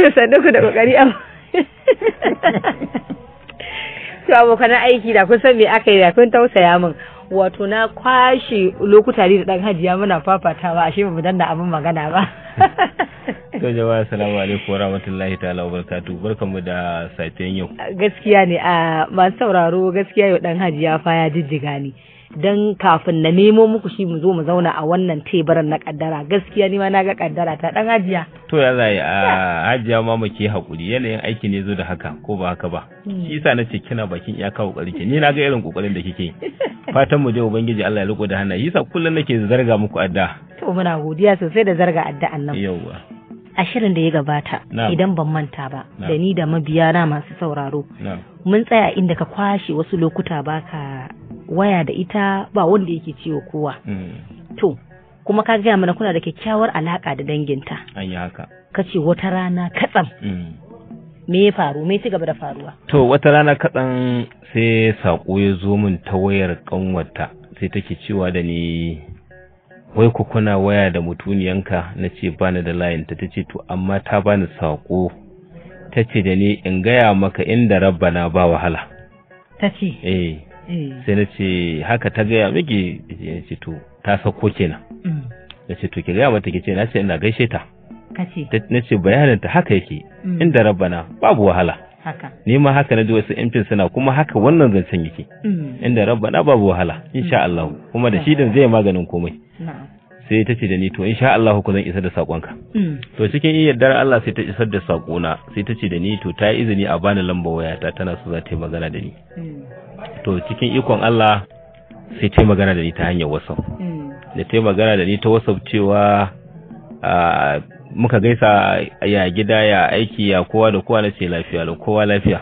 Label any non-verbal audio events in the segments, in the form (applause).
ce sannu ku da kokari a (laughs) to abokan aiki da kun san me aka yi da kun tausaya min wato na kwashe lokuta da dan hajiya muna fafatawa ashe ba mu danna abin magana ba to jama'a assalamu alaikum warahmatullahi ta'ala wabarakatuh barkamu da safiyan yau gaskiya ne a masu sauraro gaskiya yau dan hajiya fa ya jijjiga ni Don kafin na nemo muku shi mu zo mu zauna a wannan teburin na kaddara gaskiya ni ma na ga kaddara ta dan hajiya to ya zai a hajiya ma muke hakuri yanayin aiki ne zo da haka ko ba haka ba hmm. shi yasa nace kina bakin iyaka kokarin ki ni na ga irin kokarin da kike (laughs) fatan mu je ubangiji Allah ya riko da hannaye yasa kullun nake zarga muku adda to muna godiya sosai da zarga addu'an nan yauwa a da ya gabata idan ban manta ba da ni da mabiya na masu sauraro mun tsaya inda ka kwashe wasu lokuta baka waya da ita ba wanda yake ciwo kowa mm. to kuma ka gaya mana kuna da kyakkyawar alaka da danginta an haka ka ce wata rana katsam mm. me ya faru me ci gaba da faruwa to wata rana katsam sai saƙo ya zo min ta wayar ƙanwata sai take cewa da ni wai ku kuna waya da mutuniyanka na ce bani da layinta ta ce to amma ta bani saƙo ta ce da ni in gaya maka inda Rabba na ba wahala ta ce eh Mm. sai na ce haka ta gaya miki ya ce to ta sauko kenan mm. na ce to ki gaya mata ki ce na ce ina gaishe ta na ce bayanin ta haka yake mm. inda rabbana babu wahala ni ma haka na ji wasu yan suna kuma haka wannan zancen yake inda rabbana babu wahala insha Allah kuma da shi din zai maganin komai sai ta ce da ni to insha Allah ku zan isar da sakonka mm. to cikin iya yardar Allah sai ta isar da sakona sai ta ce da ni to ta yi izini a bani lamba wayata tana so za ta yi magana da ni mm. to cikin ikon Allah sai ta yi magana da ni ta hanyar wasa mm. da ta yi magana da ni ta wasa cewa muka gaisa ya gida ya aiki ya kowa da kowa na ce lafiya da kowa lafiya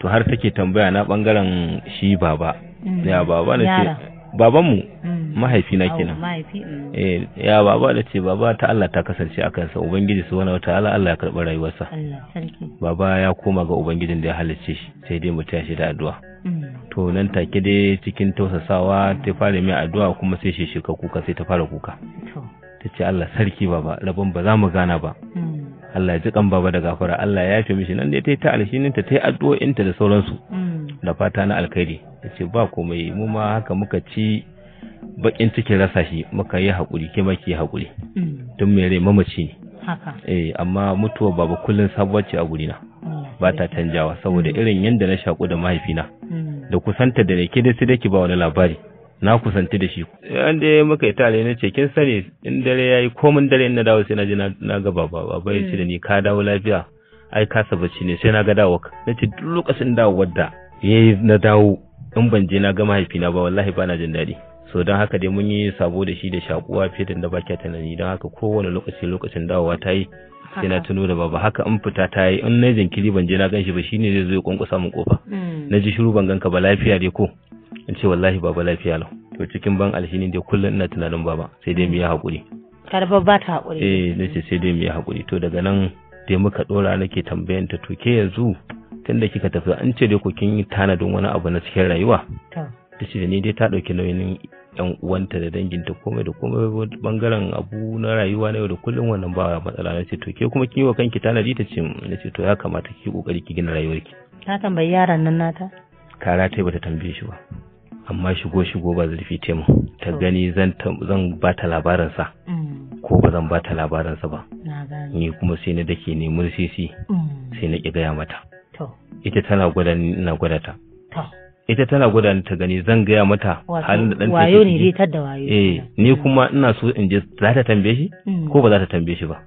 to har take tambaya na bangaren shi baba ya baba na ce babanmu mm. mahaifina kenan mm. eh ya baba da ce baba ta Allah ta kasance akan sa ubangiji su wani wata Allah ya karɓi rayuwarsa baba ya koma ga ubangijin da ya halicce shi sai dai mu tashi da addu'a mm. to nan take dai cikin tausasawa ta fara mai addu'a kuma sai shi shika kuka sai ta fara kuka ta ce Allah sarki baba rabon ba za mu gana ba Allah ya ji kan baba da gafara Allah ya yafe mishi nan dai ta yi ta alshinin ta ta yi addu'o'inta da sauransu da fata na alkhairi ce ba komai mu ma haka muka ci bakin cikin rasa shi muka yi haƙuri ke maki haƙuri don mm. mai rai mamaci ne eh amma mutuwa baba kullun sabuwar ce a gurina mm. ba ta canjawa saboda mm. irin yadda na shaƙu da mahaifina da kusanta da ke da su ba wani labari na kusanta da shi an da muka yi tare na ce kin sani in dare ya yayi komin dare na dawo sai na ji na ga baba baba ya ce da ni ka dawo lafiya ai ka saba ne sai na ga dawo na ce duk lokacin dawo wadda ya yi na dawo in ban je na ga mahaifina ba wallahi bana jin daɗi so don haka dai mun yi sabo da shi da shakuwa fiye da ba kya tunani don haka kowane lokaci lokacin dawowa ta yi sai na tuno da baba haka in fita ta yi in na jinkiri ban je na gan shi ba shine zai zo ya kwankwasa min kofa mm. na ji shiru ban ganka ba lafiya dai ko in ce wallahi baba lafiya lau to cikin ban alhini dai kullum ina tunanin baba sai dai mu yi hakuri. karfa ba ta haƙuri eh nace sai dai mu yi hakuri to daga nan sai muka dora nake tambayan ta to ke yanzu tunda kika tafi an ce dai ku kin yi tanadin wani abu na cikin rayuwa ta ce ni dai ta dauki nauyin yan uwanta da danginta komai da komai bangaren abu na rayuwa na yau da kullum wannan ba matsala na ce to ke kuma kin yi wa kanki tanadi ta ce na ce to ya kamata ki kokari ki gina rayuwarki ta tambayi yaran nan nata kara ta bata tambaye shi ba amma shigo shigo ba zurfi taimu ta gani zan ba ta sa ko ba zan bata labarinsa ba ni kuma sai na dake ne sisi. Mm. sai na ki gaya mata ita tana gwada na gwada ta ita tana gwada ta gani zan gaya mata halin da ɗanta wayo ne ritar da wayo eh ni kuma ina so in je za ta tambaye shi mm. ko ba za ta tambaye shi ba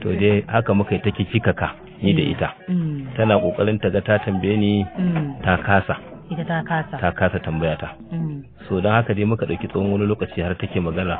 to dai haka muka yi kika ka ni da mm. ita tana kokarin ta ga ta tambaye ni ta kasa ita ta kasa ta kasa tambaya ta so don haka dai muka ɗauki tsawon wani lokaci har take magana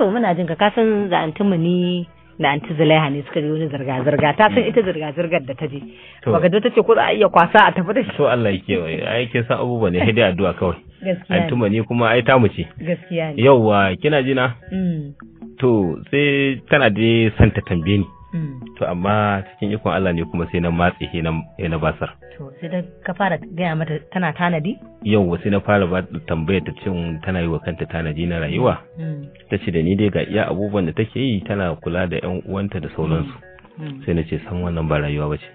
to muna jin ka kasan za'antu mu ni da anti zulaiha ne suka yi wani zirga-zirga ta san ita zirga-zirgar da ta je bagado ta ce ko za a iya kwasa a tafi da shi to Allah yake wai ai ke san abubuwa ne hidi addu'a kawai antuma ni kuma ai ta ce gaskiya ne yauwa kina jina mm. to sai tana da san ta tambaye ni mm. to amma cikin ikon Allah ne kuma sai na matse he na basar to sai da ka fara gaya mata tana tanadi yau sai na fara ba tambayar ta cin tana yi wa kanta tanadi na rayuwa mm. ta ce da ni dai ga iya abubuwan da take yi tana kula da yan uwanta da sauransu mm. Mm. sai na ce san wannan ba rayuwa ba ce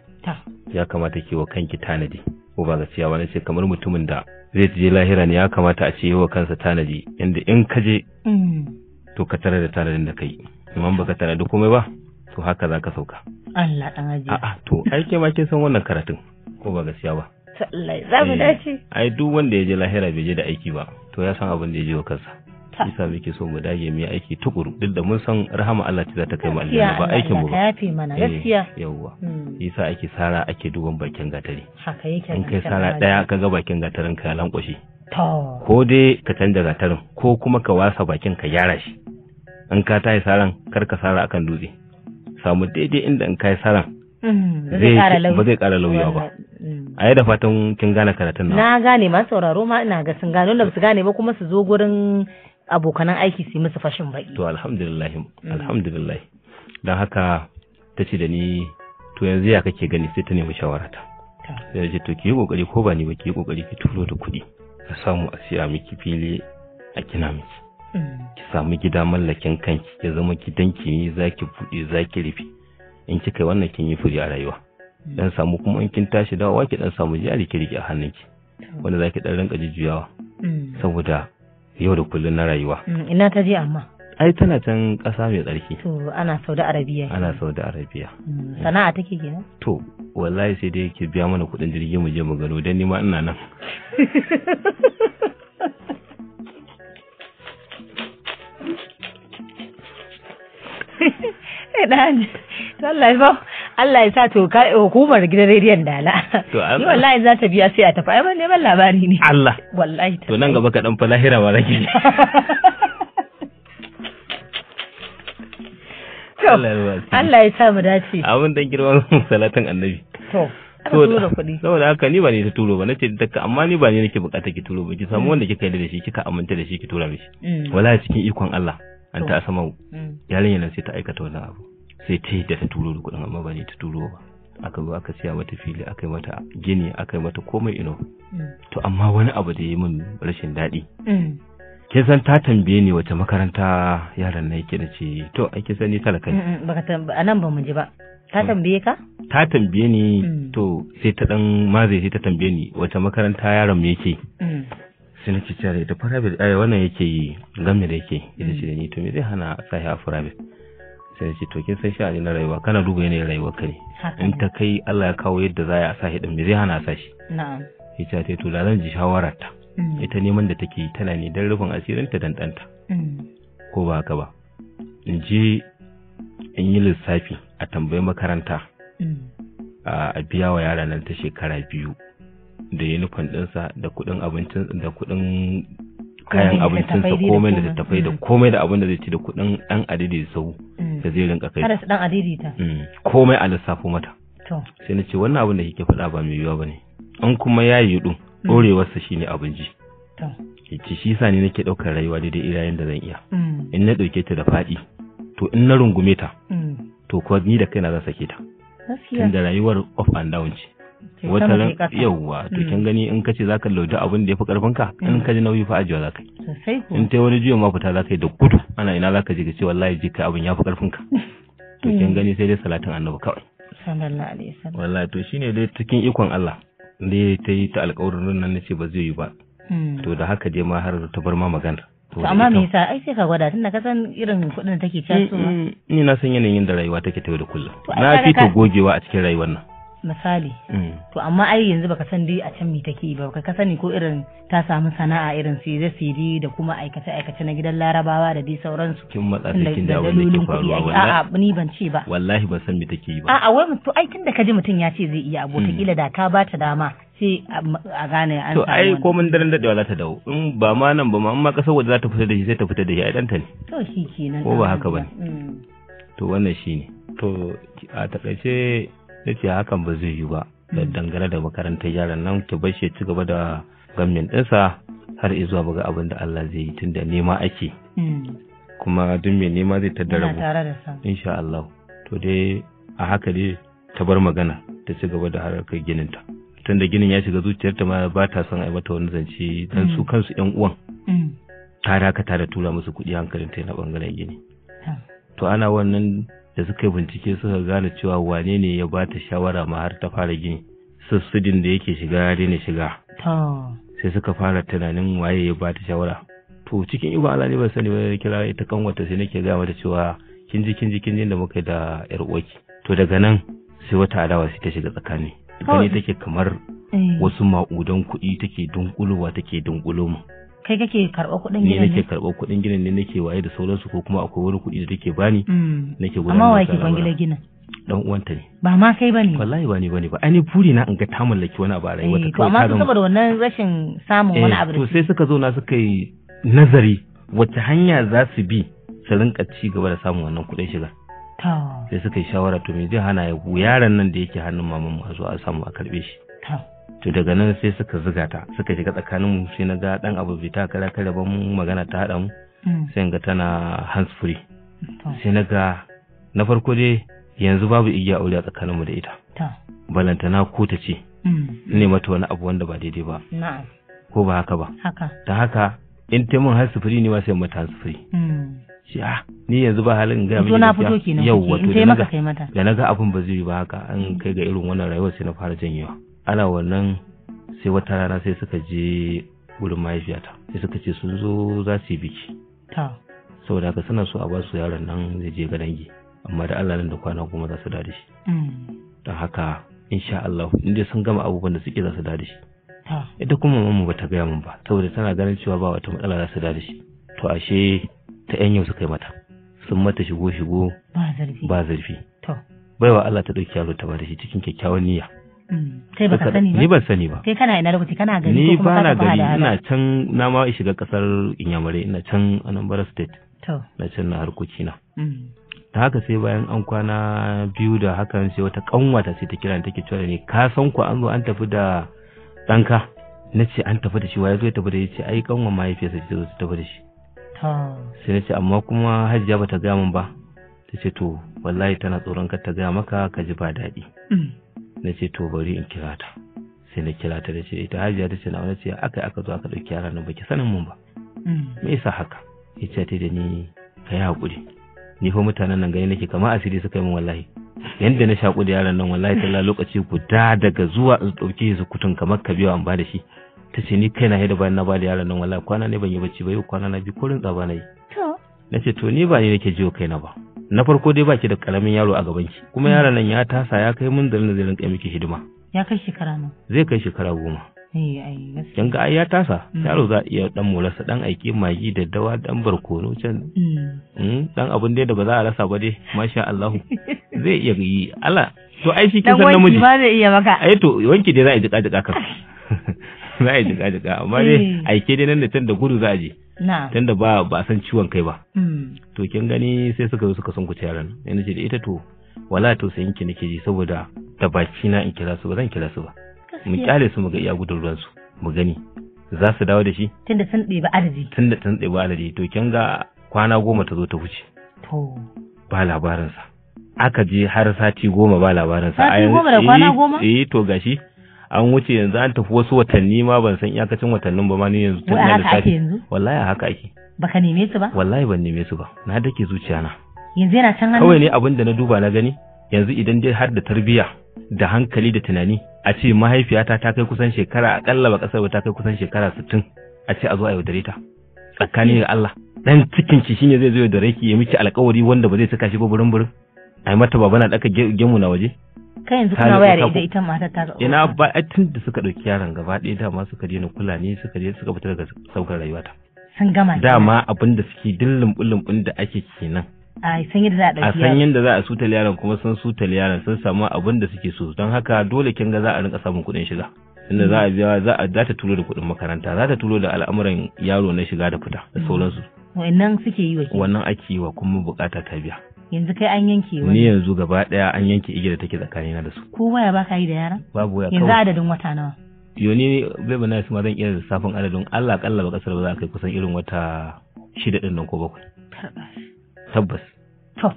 ya kamata ke wa kanki tanadi ko ba gaskiya na ce kamar mutumin da zai je lahira ne ya kamata a ce wa kansa tanadi inda in ka je to ka tare da tanadin da kai imam baka tanadi komai ba to haka za ka sauka. Allah ɗan ajiye. A'a to ai ke ma kin san wannan karatun ko ba gaskiya ba. Sallai, za mu eh, dace. Ai duk wanda ya je lahira bai je da aiki ba to ya san abin da ya je wa kansa. Isa muke so mu dage mu aiki tukuru duk da mun san rahama Allah ce za ta kai mu aljanna ba aikin mu ba. Ya fi mana eh, gaskiya. Yawwa. Hmm. Isa ake sara ake duban bakin gatari. Haka yake. In kai sara daya ka ga bakin gatarin ka lankwashe. Ko dai ka canza gatarin ko kuma ka wasa bakin ka gyara shi. In ka tayi saran kar ka sara akan dutse. samu daidai inda in kai saran mm, ba zai kara lauya ba mm. a da fatan kin gane karatun na gane ma sauraro ma ina ga sun gane wanda su gane ba kuma su zo gurin abokanan aiki su yi musu fashin baki to alhamdulillah mm. alhamdulillah don haka ta ce da ni to yanzu ya kake gani sai ta nemi shawarata sai da ce to ki yi kokari ko ba ni ba ki yi kokari ki turo da kuɗi a samu a siya miki fili a kina miki ki samu gida mallakin kanki ya zama gidanki ne za ki buɗe ki rufe in kika yi wannan kin yi fure a rayuwa dan hmm. samu kuma in kin tashi dawowa ki dan samu jari ki rike a hannunki hmm. wanda zaki dan rinka jujjuyawa hmm. saboda yau da kullun na rayuwa ina ta je amma ai tana can ƙasa mai tsarki to ana Saudi Arabiya ana Saudi Arabiya sana'a take kenan to wallahi sai dai ki biya mana kuɗin jirgi mu je mu gano dan ni ma ina nan (laughs) Allah ya Allah ya sa to hukumar gidan rediyon dala. To Allah. wallahi za ta biya sai a tafi. ne ban neman labari ne. Allah. Wallahi. To nan gaba ka dan fa lahira wa rage. (laughs) To Allah ya sa mu dace. Abin dan girman (laughs) salatin annabi. To. saboda haka ni ba ne ta turo ba na ce daga amma ni ba ne nake bukata ki turo ba ki samu mm. wanda kika yi da shi kika aminta da shi ki tura mishi mm. wallahi cikin ikon Allah an ta sama mm. yarinyar nan sai ta aikata wani abu sai ta yi da ta turo kudin amma ba ta turo ba aka zo aka siya mata fili aka yi mata gini aka yi mata komai ino mm. to amma wani abu da yi min rashin daɗi mm. ke san ta tambaye ni wace makaranta yaran na yake da ce to ai ke sani talaka ne a nan ba mu ji ba ta tambaye ka ta tambaye ni to sai ta dan maze sai ta tambaye ni wace makaranta yaran mu yake sai nake cewa da ita da ai eh, wannan yake yi gamne da yake ita ce da ni to me zai hana sahi a private sai ce to kin san ne na rayuwa kana duba yana rayuwa ka ne in ta kai Allah ya kawo yadda za a sahi din me zai hana sashi na'am ita ta to da zan ji shawarar ta mm. ita neman da take tana ne dan rufin asirin ta danɗanta mm. ko ba haka ba in je in yi lissafi a tambayi makaranta mm. a biya wa yara nan ta shekara biyu da nufan ɗinsa da kuɗin abincin da kuɗin kayan abincinsa komai da tattafai da mm. komai da abin da zai ci da kuɗin ɗan adidi sau mm. da zai rinka kai Karas su ɗan ta mm. komai a lissafo mata sai na ce wannan abin da kike faɗa ba mai yiwuwa ba ne an kuma ya yi ɗin ɗorewarsa shine to ci shi sa ne nake ɗaukar rayuwa daidai irayen da zan iya in na ɗauke ta da faɗi to in na rungume ta to kuwa ni da kaina zan sake ta tunda rayuwar up and down ce wata ran yawwa to kin mm. gani in kace zaka lauta abin da yafi karfin ka in mm. ka ji nauyi fa ajiya zaka yi in tai wani jiyo ma fita zaka yi da gudu ana ina zaka je ka ce wallahi je ka abin yafi karfin ka (laughs) to kin mm. gani sai dai salatin annabi kawai sallallahu alaihi wasallam wallahi to shine dai cikin ikon Allah da ta yi ta alƙawarin nan nace ba zai yi ba to da haka dai ma har ta bar ma magana to amma me yasa ai sai ka gwada tunda ka san irin kuɗin da take casowa ni na san yanayin da rayuwa take ta yau da kullum na fito gogewa a cikin rayuwar nan misali mm. to amma ai yanzu baka san dai a can me take ba baka sani ko irin ta samu sana'a irin sire sire da kuma aikace aikace na gidan larabawa da dai sauransu kin matsa cikin dawo ne ke faruwa wallahi a'a ni ban ce ba wallahi ban san me take yi ba a'a wai to ai tunda kaji mutun ya ce zai iya abota mm. kila da ka ta dama sai a gane an to ai ko mun daren da za ta dawo in ba ma nan ba ma amma kasar waje za ta fita da shi sai ta fita da shi ai ta ne to shi kenan ko ba haka ba mm. to wannan shine to a takaice ya ce hakan ba zai yi ba da hmm. dangane da makarantar yaran nan ta bar shi ci gaba da gamin ɗinsa har izuwa buga abin da Allah zai yi tun da nema ake hmm. kuma duk mai nema zai tattara mu insha Allah to dai a haka dai ta bar magana ta cigaba gaba da harkar ginin ta tun da ginin ya shiga zuciyarta ma ba ta son a mata wani zance dan su hmm. kansu yan uwan ta dakata da tura musu kuɗi hankalin ta na bangaren gini to ana wannan da suka bincike suka gane cewa wane ne ya ba ta shawara ma har ta fara gini sussudin da yake shiga ya daina shiga sai suka fara tunanin waye ya ba ta shawara to cikin iba ala ne ba sani ba kira ita kanwata sai nake gaya mata cewa kin ji kin ji kin ji da muka da yar uwaki to daga nan sai wata alawa sai ta shiga tsakani gani take kamar eh. wasu ma'udan kuɗi take dunkulowa take dunkulo mu kai kake karɓar kuɗin gidan ne nake karɓar kuɗin gidan ne nake waye da sauransu ko kuma akwai wani kuɗi da take bani mm. nake gudanar da amma waye ke kwangila ginin dan uwanta ne ba ma kai bane wallahi ba ne bane ba ani buri na in ga ta mallaki wani abu a rayuwa eh, ta kawai amma saboda wannan rashin samun wani eh, abu to sai suka zo na suka yi nazari wacce hanya za su bi su rinka ci gaba da samun wannan kuɗin shiga sai suka yi shawara to me zai hana ya yaran nan da yake hannun maman mu a zo a samu a karbe shi to daga nan sai suka ziga ta suka shiga tsakanin mu sai na ga dan abu bai ta kara kare ba magana ta hada mu hmm. sai ga tana hands free sai na ga na farko dai yanzu babu igiya aure a tsakanin mu da ita balanta na ko ta ce hmm. ne mata wani abu wanda ba daidai ba ko ba haka ba ta haka in ta mun hands free ne ma sai mata hands free hmm. ah, ni yanzu ba halin ga miji na fito kenan yau wato da naga abun ba zai yi ba haka an kai ga irin wannan rayuwar sai na fara janyewa ana wannan sai wata rana sai suka je wurin mahaifiyata sai suka ce sun zo za su yi biki saboda haka suna so a ba su yaron nan zai je ga dangi amma da Allah nan da kwana goma za su da shi mm. don haka insha Allah inda sun gama abubuwan da suke za su da shi ita kuma mamu ba ta gaya min ba saboda tana ganin cewa ba wata matsala za su da shi to ashe ta yan yau suka yi mata sun mata shigo shigo ba zarfi ba zarfi baiwa Allah ta ɗauki yaro ta ba da shi cikin kyakkyawan niyya Mm. kai baka sani ba ni ban sani ba kai kana ina lokaci kana gari ni kuma kana gari ina can na ma shiga kasar inyamare ina can anambra state to na can na harkoki na mm. ta haka sai bayan an kwana biyu da hakan sai wata kanwata sai ta kira take cewa ne ka san ku an zo an tafi da danka na ce an tafi da shi wa ya zo ya tafi da shi ai kanwa mahaifiyarsa ce zo ta tafi da shi sai na ce amma kuma ba bata gaya min ba ta ce to wallahi tana tsoron ka ta gaya maka ka ji ba daɗi mm. na ce to bari in kira ta sai na kira ta da ce ita hajiya ta ce na wani ce aka aka zo aka ɗauki yaran nan baki sanin mun ba mm. me yasa haka ya ce ta da ni ka yi haƙuri ni fa mutanen nan gani nake kamar asiri suka yi min wallahi yanda na shaƙu da yaran nan wallahi talla lokaci guda daga zuwa in ɗauki su kutun kamar ka biya an ba da shi ta ce ni kaina yadda bayan na ba da yaran nan wallahi kwana ne ban yi bacci ba yau kwana na bi ko rin tsaba na yi na ce to ni ba ni nake jiyo kaina ba na farko dai baki da karamin yaro a gaban ki kuma hmm. yaron nan ya tasa ya kai mun da zai rinka miki hidima ya kai shekara nawa zai kai shekara goma eh, Kin ga ai ya tasa, hmm. yaro za iya dan molarsa dan aiki magi da dawa dan barkono can. Hmm. Dan abin da ba za a rasa ba dai, masha Allah. (laughs) Zai iya yi Allah. To ai shi kisan namiji. Dan wanki ba zai iya maka. Ai to wanki dai za a jika jika kan. (laughs) (laughs) Za a jika jika amma dai eh. aike dai nan da can da gudu za a je. tunda ba ba san ciwon kai ba hmm. to kin gani sai suka zo suka sun kuce yaran yana ce da ita to wala to sayin ki nake ji saboda da baki na in kira su ba zan kira su ba mu kyale su mu ga iya gudun ruwan su mu gani za su dawo da shi tunda sun ɗebi arziki tunda sun ɗebi arziki to kin ga kwana goma ta zo ta wuce to ba labarin sa aka je har sati goma ba labarin sa sati goma da kwana eh, goma eh to gashi an wuce yanzu an tafi wasu watanni ma ban san iyakacin watannin ba ma ni yanzu tun yanzu. lissafi wallahi haka ake baka neme su ba wallahi ban neme su ba na dake zuciya na yanzu yana can hannu kawai ne abin da na duba na gani yanzu idan dai har da tarbiya da hankali da tunani a ce mahaifiyata ta kai kusan shekara akalla ba kasar ba ta kai kusan shekara sittin a ce a zo a yaudare ta tsakani ga Allah dan cikin ki shine zai zo da ki ya miki alƙawari wanda ba zai saka shi ba burin burin ai mata baba na daka gemu na waje kai yanzu kuma bayar da ita ita mata ta zaɓa ina ba tun da suka ɗauki yaron gaba ɗaya dama suka daina kula ne suka je suka fita daga saukar rayuwata sun gama dama abin da suke dillin bullin da ake kenan a san yadda za a ɗauki a san yadda za a sutal yaron kuma sun sutal yaron sun samu abin da suke so don haka dole kin ga za a rinka samun kuɗin shiga inda za a biya za a za ta tulo da kuɗin makaranta za ta tulo da al'amuran yaro na shiga da fita da sauransu mm. wannan suke yi wa wannan ake yi wa kuma bukata ta biya yanzu kai an yanke wani ni yanzu gaba ɗaya an yanke igiyar take tsakanina da su ko waya ba ka yi da yaran babu waya yanzu adadin wata nawa yoni bai bana su ma zan iya lissafin adadin Allah kalla ba kasar ba za kai kusan irin wata shida din nan ko bakwai tabbas to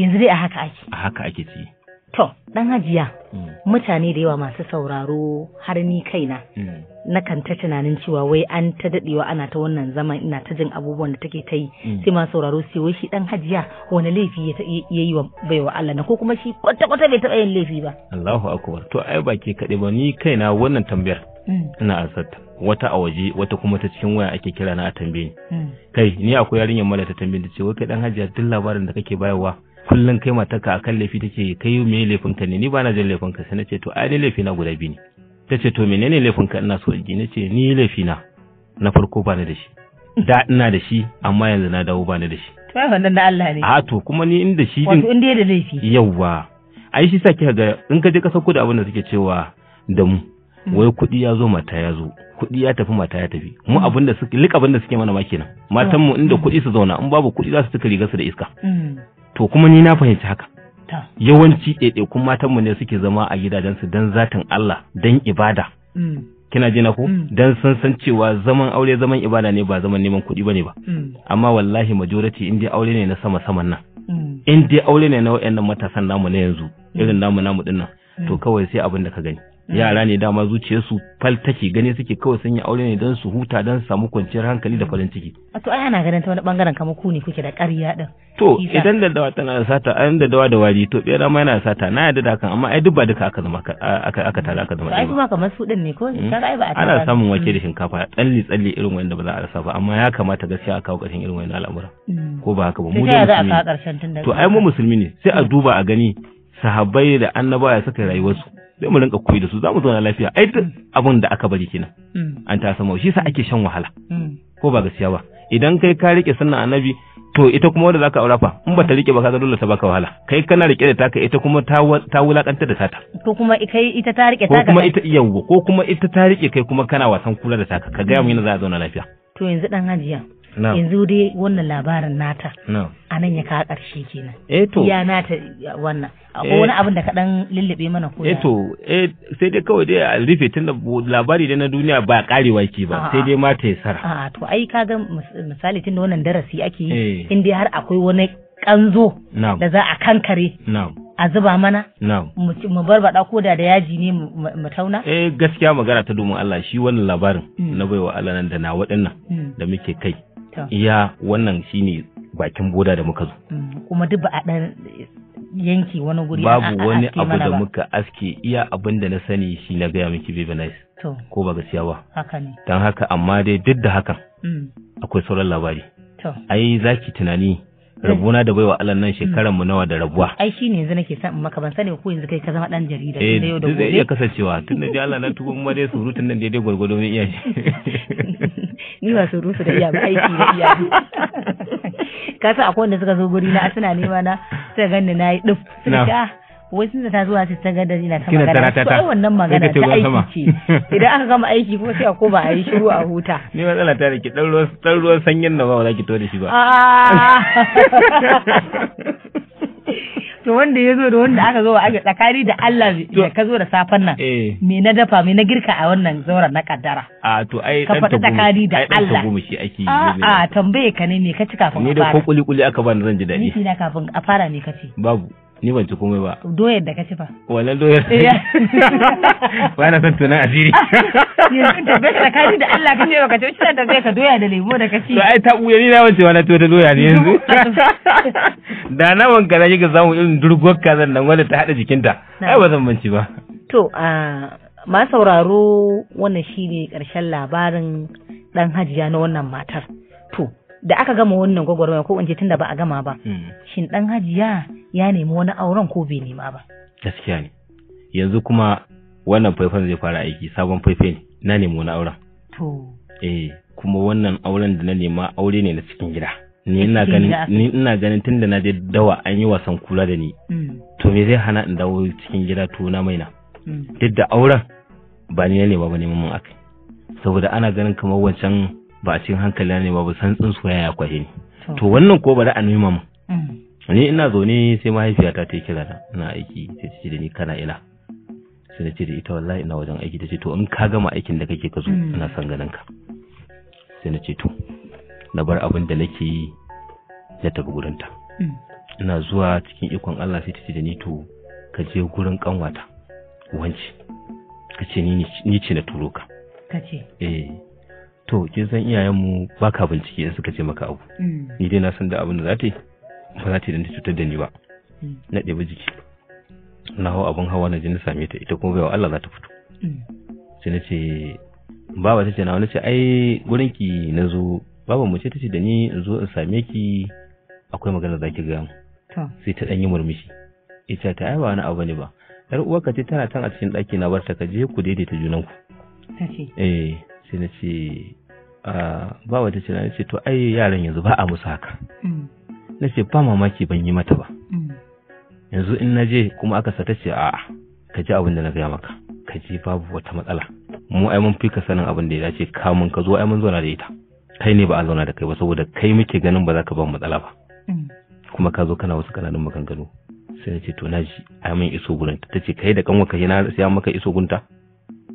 yanzu dai a haka ake a haka ake ci To, ɗan hajiya, mm. mutane da yawa masu sauraro har ni kaina, mm. na kan ta tunanin cewa wai an ta daɗewa ana ta wannan zaman ina ta jin abubuwan da take ta yi, mm. sai masu sauraro sai wai shi ɗan hajiya wani laifi ya yi wa baiwa Allah na ko kuma shi kwata-kwata bai taɓa yin laifi ba. Allahu akbar, to ai ba ke kaɗai ba ni kaina wannan tambayar. Ina ansarta. wata a waje wata kuma ta cikin waya ake kira na a tambaye ni kai ni akwai yarinyar mala ta tambaye ta ce wai kai dan hajiya duk labarin da kake bayarwa kullum kai matarka akan laifi take kai me laifin ka ne ni ba na jin laifin ka sai nace to ai ni laifi na guda biyu ne ta ce to menene laifin ka ina so in ji nace ni laifi na na farko ba ni da shi da ina da shi amma yanzu na dawo ba ni da shi to ai wannan da Allah ne a to kuma ni inda shi din wato inda da laifi yawa ai shi sa ga in ka je ka sauko da abin da suke cewa da mu hmm. wai kuɗi ya zo mata ya zo kuɗi ya tafi mata ya tafi mu hmm. abin da suke lik abin da suke mana ma kenan hmm. matan mu inda kuɗi su zauna in babu kuɗi za su tuka rigar su da iska to kuma ni na fahimci haka yawanci ɗaiɗaikun mu ne suke zama a gidajensu don zatin Allah don ibada mm. kina jina ko mm. dan sun san cewa zaman aure zaman ibada ne ba zaman neman kuɗi bane ba mm. amma wallahi majority in dai aure ne na sama saman nan in dai aure ne na wayannan matasan namu na yanzu irin namu namu dinnan to kawai sai abin da ka gani Mm. yara ne dama zuciyarsu fal take gani suke kawai sun yi aure ne don su huta don su samu kwanciyar hankali da farin ciki a to ai ana ganin ta wani bangaren kamar ku ne kuke da ƙarya din to idan da dawa tana da sata an da dawa da wari to bera ma yana da sata na yadda da hakan amma ai duk ba duka aka zama aka aka tare aka zama ai kuma kamar su din ne ko mm. kaga ai ba a ana samun wake da mm. shinkafa tsalli tsalli irin wanda ba za a rasa ba amma ya kamata gaskiya a kawo ƙarshen irin wannan al'amura ko ba haka ba mu da to ai mu musulmi ne sai a duba a gani sahabbai da annabawa suka su. sai mu rinka koyi da su za mu zauna lafiya ai duk abin da aka bari kenan mm. an ta samu shi sa ake shan wahala mm. ko ba gaskiya ba idan kai ka rike sunnan annabi to ita kuma wanda zaka aura fa in ba ta rike ba kaga dole ta baka wahala kai kana rike da taka ita kuma ta ta wulakanta da ta ko kuma kai ita ta rike taka ko kuma ita yawo ko kuma ita ta rike kai kuma kana wasan kula da taka ka ga mu yana za a zauna lafiya to yanzu dan hajiya yanzu dai wannan labarin nata a nan ya kawo ƙarshe kenan eto eh ya nata wannan akwai eh. wani abin da ka dan lullube mana ko eto eh, eh sai dai kawai dai a rufe tun labari da na duniya ba karewa ke ba sai dai ma ta sara a to ai ga misali tun da wannan darasi ake yi in dai har akwai wani kanzo da za a kankare a zuba mana? Mu bar ko da da yaji ne mu tauna? Eh gaskiya magana ta domin Allah shi wannan labarin mm. na baiwa Allah nan da na waɗannan mm. da muke kai. iya wannan shine bakin boda da muka zo mm, kuma duk ba a dan yanki wani guri babu wani abu da muka aske iya abin da na sani shi na gaya miki baby nice ko ba gaskiya ba haka ne dan haka amma dai duk da hakan mm. akwai sauran labari to ai zaki tunani rabuna da baiwa Allah nan shekaran mu nawa da rabuwa ai shine yanzu nake san maka ban sani ko yanzu kai ka zama dan jarida da eh, yau da gobe eh iya kasancewa tun da Allah na tuba mu dai surutun nan daidai gwargwado mai iya shi (laughs) ni ba surutu da iya ba aiki da iya (laughs) ka san akwai wanda suka zo guri na suna nema na suka ganni na yi duf suka wai sun ta zuwa sai ta ga da na ta magana to ai wannan magana ta aiki ce idan aka gama aiki kuma sai a koma a yi shiru a huta (laughs) ni matsala ta da ki dan ruwan dan ruwan sanyin nan ba za ki to da shi ba ah. (laughs) to wanda ya zo da wanda aka zo aka tsakani da Allah da ka zo da safen nan eh. me na dafa me na girka a wannan zauren na kaddara a to ai dan ta tsakani da Allah shi ake yi a tambaye ka ne me ka ci kafin a fara ni da ko kuli kuli aka bani zan ji dadi ni kafin a fara ne ka ci babu ni ban ci komai ba doyar da ka ci fa wannan doyar ba na eh. son tunan asiri yanzu da bai da kaji da Allah kace baka ci da zai ka doya da lemo da ci. to ai ta buya ni na wance wannan to ta doya ne yanzu (laughs) da na wanka na ga zamu irin durgwar kazan nan wanda ta hada jikinta ai ba zan manci ba to a ma sauraro wannan shine karshen labarin dan hajiya na wannan matar to da aka gama wannan gwagwarmaya ko in ce tunda ba a gama ba hmm. shin dan hajiya ya nemi wani auren ko bai nema ba gaskiya ne yanzu kuma wannan faifan zai fara aiki sabon faifan na nemi wani auren to eh kuma wannan auren da na nema aure ne na cikin gida ni ina ganin ni ina ganin tunda na je dawa an yi wasan kula da ni hmm. to me zai hana in dawo cikin gida to na maina hmm. duk da auren ba ni na nema ba neman mun akai saboda ana ganin kamar wancan ba a cikin hankali ne ba ba san tsin soyayya kwahe ne to wannan ko bari a nema mu mm. ni ina zaune sai mahaifiyata ta yi kira na ina aiki ta ce da ni kana ina sai na ce da ita wallahi ina wajen aiki ta ce to in ka gama aikin da kake ka zo mm. ina son ganin ka sai na ce to na bar abin da nake yi na tafi gurinta mm. ina zuwa cikin ikon Allah sai ta ce da ni to ka je gurin kanwata wanci ka ce ni ce na turo ka ka ce eh to kin san iyayenmu ba ka bincike suka ce maka abu mm. ni dai na san da abin da za ta yi ba za ta yi ta cutar da ni ba mm. na ɗebi jiki na hau abin hawa na je na same ta ita kuma wa Allah za ta fito mm. sai na ce baba ta ce na wani ce ai gurin ki na zo baba mu ce ta ce da ni in zo in same ki akwai magana za ki ga mu sai ta ɗan yi murmushi ita ta ai ba wani abu ne ba yar ka ce tana tan a cikin ɗaki na barta ka je ku daidaita junanku eh sai na ce ba wata ce na ce to ai yaran yanzu ba a musu haka mm. na ce ba mamaki ban yi mata ba mm. yanzu in na je kuma aka sata ce a ka ji abin da na gaya maka ka ji babu wata matsala mu ai mun fi ka sanin abin da ya dace kamun ka zo ai mun zauna da ita kai ne ba a zauna da kai ba saboda kai muke ganin ba za ka ba matsala ba mm. kuma ka zo kana wasu kananun maganganu sai na ce to na ji ai mun iso gurin ta ce kai da kanwa ka na siya maka iso gunta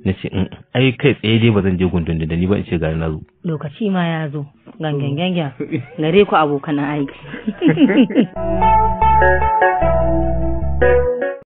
na ce in mm, ai kai tsaye dai ba zan je gundun da ni ba in ce gari na zo lokaci ma ya zo gangan gangan gare ku abokan aiki (laughs)